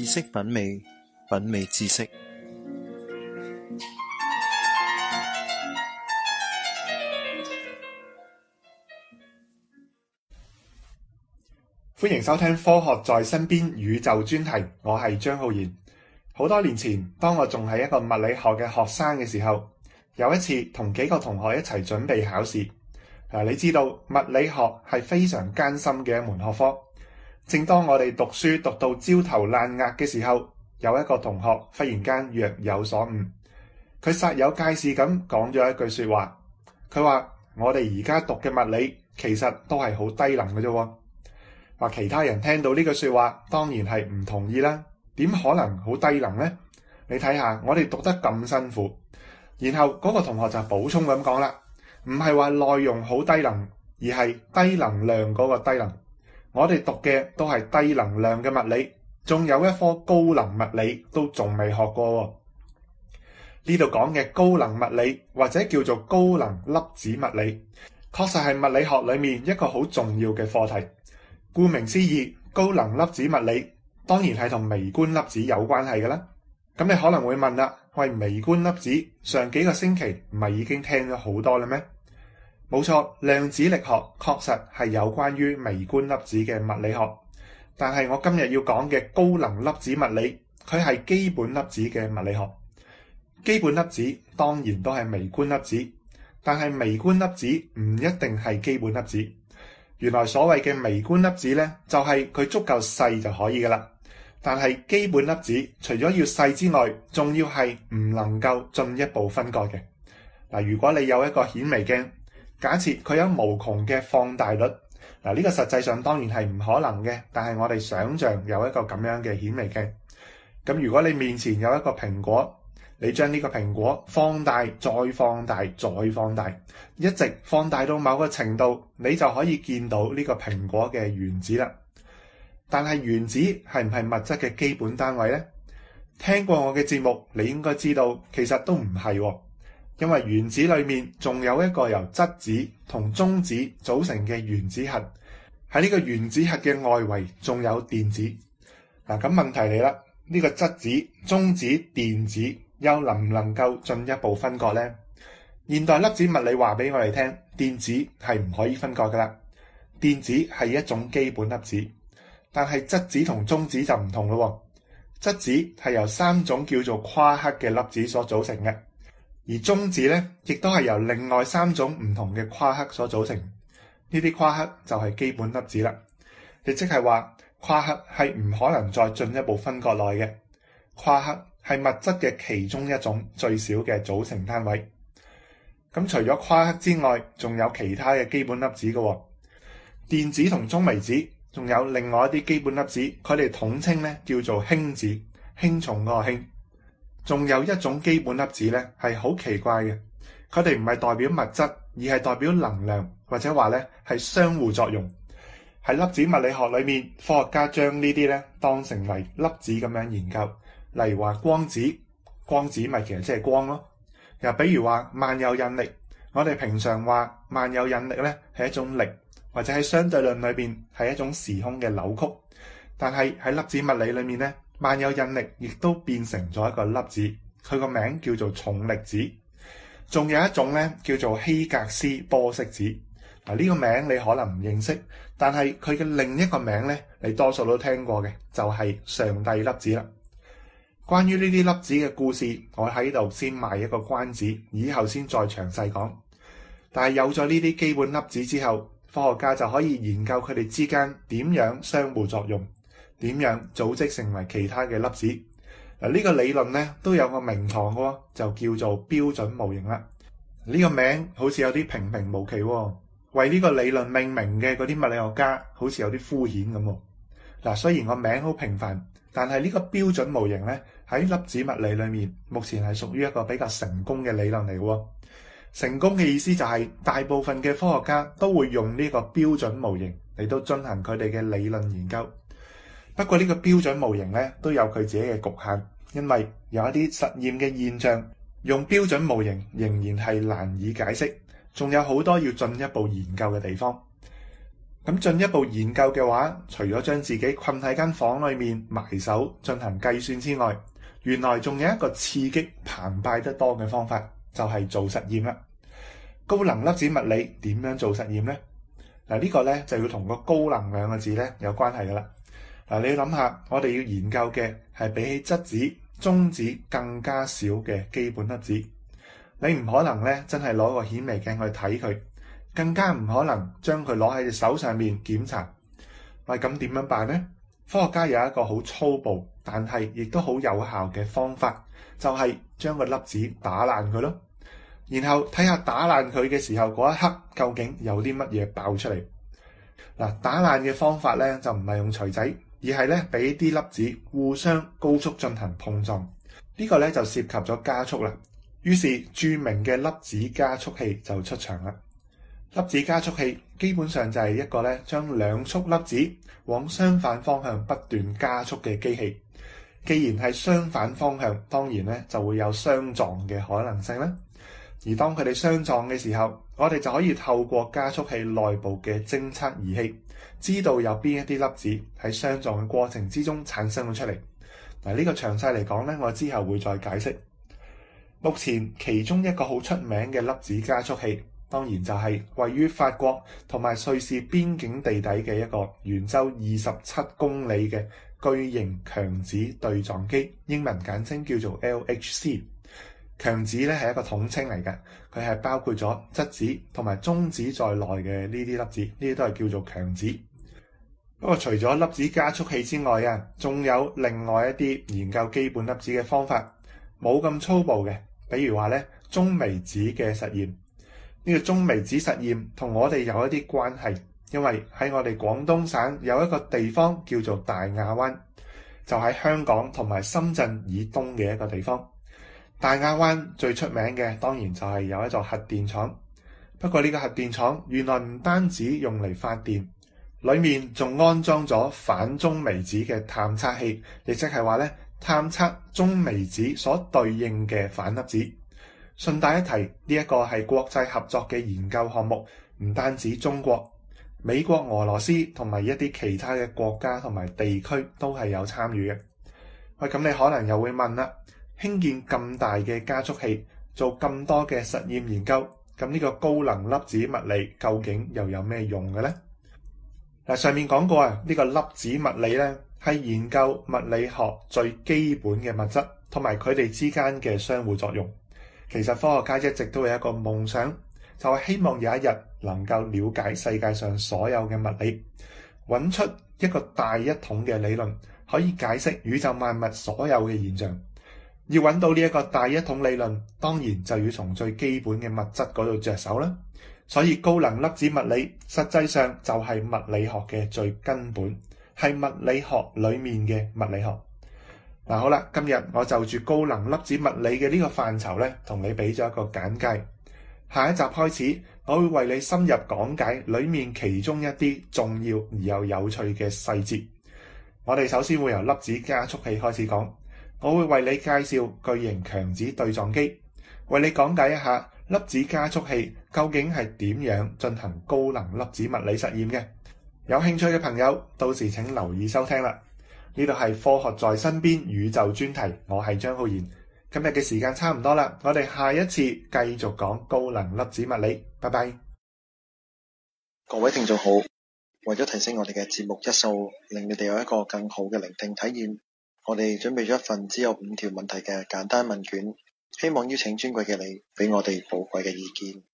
知識品味，品味知識。歡迎收聽《科學在身邊·宇宙》專題，我係張浩然。好多年前，當我仲係一個物理學嘅學生嘅時候，有一次同幾個同學一齊準備考試。啊，你知道物理學係非常艱辛嘅一門學科。正當我哋讀書讀到焦頭爛額嘅時候，有一個同學忽然間若有所悟，佢煞有介事咁講咗一句説話。佢話：我哋而家讀嘅物理其實都係好低能嘅啫。話其他人聽到呢句説話，當然係唔同意啦。點可能好低能呢？你睇下我哋讀得咁辛苦，然後嗰個同學就補充咁講啦：唔係話內容好低能，而係低能量嗰個低能。我哋讀嘅都係低能量嘅物理，仲有一科高能物理都仲未學過。呢度講嘅高能物理或者叫做高能粒子物理，確實係物理學裏面一個好重要嘅課題。顧名思義，高能粒子物理當然係同微觀粒子有關係嘅啦。咁你可能會問啦，喂，微觀粒子上幾個星期唔係已經聽咗好多啦咩？冇錯，量子力學確實係有關於微觀粒子嘅物理學。但係我今日要講嘅高能粒子物理，佢係基本粒子嘅物理學。基本粒子當然都係微觀粒子，但係微觀粒子唔一定係基本粒子。原來所謂嘅微觀粒子咧，就係、是、佢足夠細就可以噶啦。但係基本粒子除咗要細之外，仲要係唔能夠進一步分割嘅嗱。如果你有一個顯微鏡。假設佢有無窮嘅放大率，嗱、這、呢個實際上當然係唔可能嘅，但係我哋想象有一個咁樣嘅顯微鏡。咁如果你面前有一個蘋果，你將呢個蘋果放大，再放大，再放大，一直放大到某個程度，你就可以見到呢個蘋果嘅原子啦。但係原子係唔係物質嘅基本單位呢？聽過我嘅節目，你應該知道，其實都唔係、哦。因為原子裡面仲有一個由質子同中子組成嘅原子核，喺呢個原子核嘅外圍仲有電子。嗱、咁問題嚟啦，呢個質子、中子、電子又能唔能夠進一步分割呢？現代粒子物理話俾我哋聽，電子係唔可以分割噶啦，電子係一種基本粒子。但係質子同中子就唔同咯，質子係由三種叫做夸克嘅粒子所組成嘅。而中子咧，亦都係由另外三種唔同嘅夸克所組成。呢啲夸克就係基本粒子啦。亦即係話，夸克係唔可能再進一步分割內嘅。夸克係物質嘅其中一種最小嘅組成單位。咁、嗯、除咗夸克之外，仲有其他嘅基本粒子嘅、哦。電子同中微子，仲有另外一啲基本粒子，佢哋統稱咧叫做輕子。輕重嗰個輕。仲有一種基本粒子咧，係好奇怪嘅。佢哋唔係代表物質，而係代表能量，或者話咧係相互作用。喺粒子物理學裏面，科學家將呢啲咧當成為粒子咁樣研究。例如話光子，光子咪其實即係光咯。又比如話萬有引力，我哋平常話萬有引力咧係一種力，或者喺相對論裏邊係一種時空嘅扭曲。但係喺粒子物理裏面咧。萬有引力亦都變成咗一個粒子，佢個名叫做重力子。仲有一種咧叫做希格斯玻色子。嗱、這、呢個名你可能唔認識，但係佢嘅另一個名咧，你多數都聽過嘅，就係、是、上帝粒子啦。關於呢啲粒子嘅故事，我喺度先賣一個關子，以後先再，再詳細講。但係有咗呢啲基本粒子之後，科學家就可以研究佢哋之間點樣相互作用。點樣組織成為其他嘅粒子嗱？呢個理論咧都有個名堂嘅，就叫做標準模型啦。呢個名好似有啲平平無奇，哦，為呢個理論命名嘅嗰啲物理學家好似有啲敷衍咁。嗱，雖然個名好平凡，但係呢個標準模型咧喺粒子物理裏面目前係屬於一個比較成功嘅理論嚟。成功嘅意思就係、是、大部分嘅科學家都會用呢個標準模型嚟到進行佢哋嘅理論研究。不過呢個標準模型咧都有佢自己嘅局限，因為有一啲實驗嘅現象用標準模型仍然係難以解釋，仲有好多要進一步研究嘅地方。咁進一步研究嘅話，除咗將自己困喺間房裏面埋手進行計算之外，原來仲有一個刺激澎湃得多嘅方法，就係、是、做實驗啦。高能粒子物理點樣做實驗呢？嗱、這個，呢個咧就要同個高能兩個字咧有關係噶啦。嗱，你諗下，我哋要研究嘅係比起質子、中子更加少嘅基本粒子，你唔可能咧真係攞個顯微鏡去睇佢，更加唔可能將佢攞喺隻手上面檢查。喂，咁點樣辦呢？科學家有一個好粗暴，但係亦都好有效嘅方法，就係將個粒子打爛佢咯。然後睇下打爛佢嘅時候嗰一刻究竟有啲乜嘢爆出嚟。嗱，打爛嘅方法咧就唔係用錘仔。而係咧，俾啲粒子互相高速進行碰撞，呢個咧就涉及咗加速啦。於是著名嘅粒子加速器就出場啦。粒子加速器基本上就係一個咧，將兩束粒子往相反方向不斷加速嘅機器。既然係相反方向，當然咧就會有相撞嘅可能性啦。而當佢哋相撞嘅時候，我哋就可以透過加速器內部嘅偵測儀器，知道有邊一啲粒子喺相撞嘅過程之中產生咗出嚟。嗱、這、呢個詳細嚟講咧，我之後會再解釋。目前其中一個好出名嘅粒子加速器，當然就係位於法國同埋瑞士邊境地底嘅一個圓周二十七公里嘅巨型強子對撞機，英文簡稱叫做 LHC。強子咧係一個統稱嚟嘅，佢係包括咗質子同埋中子在內嘅呢啲粒子，呢啲都係叫做強子。不過除咗粒子加速器之外啊，仲有另外一啲研究基本粒子嘅方法，冇咁粗暴嘅。比如話咧，中微子嘅實驗，呢個中微子實驗同我哋有一啲關係，因為喺我哋廣東省有一個地方叫做大亞灣，就喺香港同埋深圳以東嘅一個地方。大亞灣最出名嘅當然就係有一座核電廠，不過呢個核電廠原來唔單止用嚟發電，裡面仲安裝咗反中微子嘅探測器，亦即係話咧探測中微子所對應嘅反粒子。順帶一提，呢一個係國際合作嘅研究項目，唔單止中國、美國、俄羅斯同埋一啲其他嘅國家同埋地區都係有參與嘅。喂，咁你可能又會問啦。興建咁大嘅加速器，做咁多嘅實驗研究，咁呢個高能粒子物理究竟又有咩用嘅呢？嗱，上面講過啊，呢個粒子物理咧係研究物理學最基本嘅物質同埋佢哋之間嘅相互作用。其實科學家一直都有一個夢想，就係希望有一日能夠了解世界上所有嘅物理，揾出一個大一統嘅理論，可以解釋宇宙萬物所有嘅現象。要揾到呢一個大一統理論，當然就要從最基本嘅物質嗰度着手啦。所以高能粒子物理實際上就係物理學嘅最根本，係物理學裡面嘅物理學。嗱、啊、好啦，今日我就住高能粒子物理嘅呢個範疇咧，同你俾咗一個簡介。下一集開始，我會為你深入講解裡面其中一啲重要而又有趣嘅細節。我哋首先會由粒子加速器開始講。我會為你介紹巨型強子對撞機，為你講解一下粒子加速器究竟係點樣進行高能粒子物理實驗嘅。有興趣嘅朋友，到時請留意收聽啦。呢度係科學在身邊宇宙專題，我係張浩然。今日嘅時間差唔多啦，我哋下一次繼續講高能粒子物理。拜拜。各位聽眾好，為咗提升我哋嘅節目質素，令你哋有一個更好嘅聆聽體驗。我哋準備咗一份只有五條問題嘅簡單問卷，希望邀請尊貴嘅你，俾我哋寶貴嘅意見。